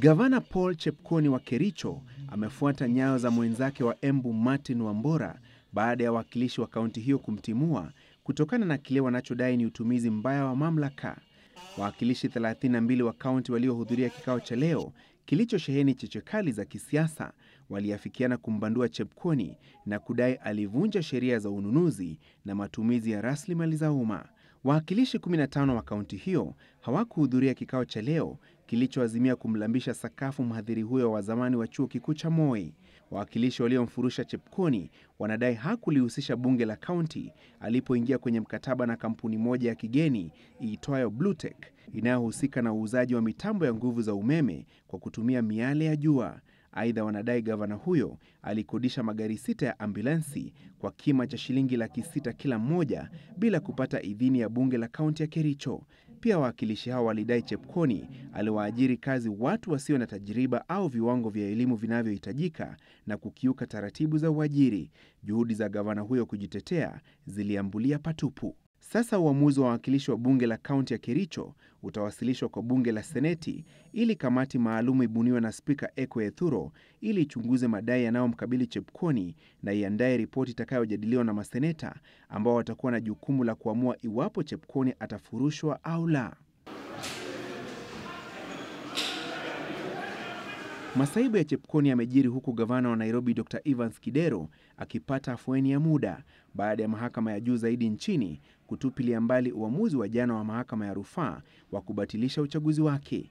Gavana Paul Chepkoni wa Kericho amefuata nyayo za mwenzake wa Embu Martin Wambora baada ya wakilishi wa kaunti hiyo kumtimua kutokana na kile wanachodai ni utumizi mbaya wa mamlaka. Wawakilishi 32 wa kaunti waliohudhuria kikao cha leo kilichosheheni chechekali za kisiasa waliafikiana kumbandua Chepkoni na kudai alivunja sheria za ununuzi na matumizi ya rasilimali za umma. Wawakilishi 15 wa kaunti hiyo hawakuhudhuria kikao cha leo kilichoazimia kumlambisha sakafu mhadhiri huyo wa zamani wa chuo kikuu cha Moi. Wawakilishi waliomfurusha Chepkoni wanadai hakulihusisha bunge la kaunti alipoingia kwenye mkataba na kampuni moja ya kigeni iitwayo Bluetech inayohusika na uuzaji wa mitambo ya nguvu za umeme kwa kutumia miale ya jua. Aidha, wanadai gavana huyo alikodisha magari sita ya ambulansi kwa kima cha shilingi laki sita kila mmoja bila kupata idhini ya bunge la kaunti ya Kericho. Pia wawakilishi hao walidai Chepkoni aliwaajiri kazi watu wasio na tajriba au viwango vya elimu vinavyohitajika na kukiuka taratibu za uajiri. Juhudi za gavana huyo kujitetea ziliambulia patupu. Sasa uamuzi wa wawakilishi wa bunge la kaunti ya Kericho utawasilishwa kwa bunge la Seneti ili kamati maalum ibuniwe na Spika Eko Ethuro ili ichunguze madai yanayomkabili chepkoni na iandaye ripoti itakayojadiliwa na maseneta ambao watakuwa na jukumu la kuamua iwapo chepkoni atafurushwa au la. Masaibu ya Chepkoni yamejiri huku gavana wa Nairobi Dr Evans Kidero akipata afueni ya muda baada ya mahakama ya juu zaidi nchini kutupilia mbali uamuzi wa jana wa mahakama ya rufaa wa kubatilisha uchaguzi wake.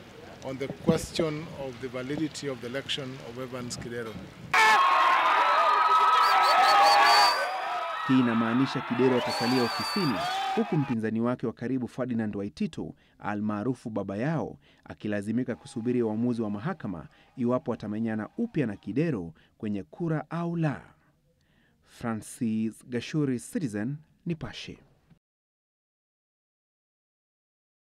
on the question of the validity of the election of Evans Kidero. Hii inamaanisha Kidero atasalia ofisini huku mpinzani wake wa karibu Ferdinand Waitito almaarufu baba yao akilazimika kusubiri uamuzi wa mahakama iwapo atamenyana upya na Kidero kwenye kura au la. Francis Gashuri, Citizen Nipashe.